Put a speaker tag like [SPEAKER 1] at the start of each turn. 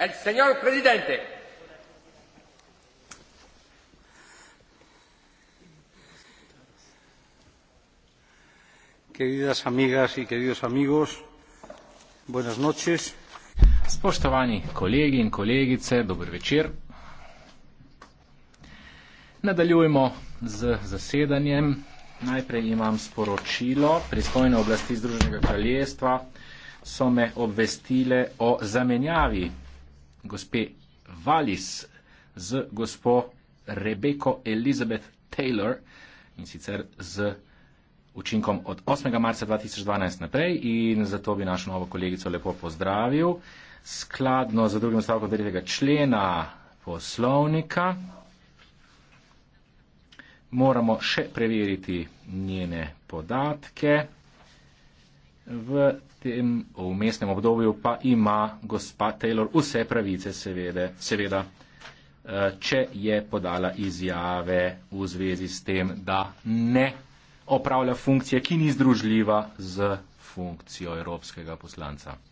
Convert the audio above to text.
[SPEAKER 1] El señor presidente.
[SPEAKER 2] Queridas amigas y queridos amigos, buenas noches.
[SPEAKER 3] Spoštovani kolegi in kolegice, dober večer. Nadaljujemo z zasedanjem. Najprej imam sporočilo. Pristojne oblasti Združenega kraljestva so me obvestile o zamenjavi gospe Valis z gospo Rebeko Elizabeth Taylor in sicer z učinkom od 8. marca 2012 naprej in zato bi našo novo kolegico lepo pozdravil. Skladno z drugim stavkom 9. člena poslovnika moramo še preveriti njene podatke v tem umestnem obdobju pa ima gospa Taylor vse pravice, seveda, seveda, eh, če je podala izjave v zvezi s tem, da ne opravlja funkcije, ki ni združljiva z funkcijo evropskega poslanca.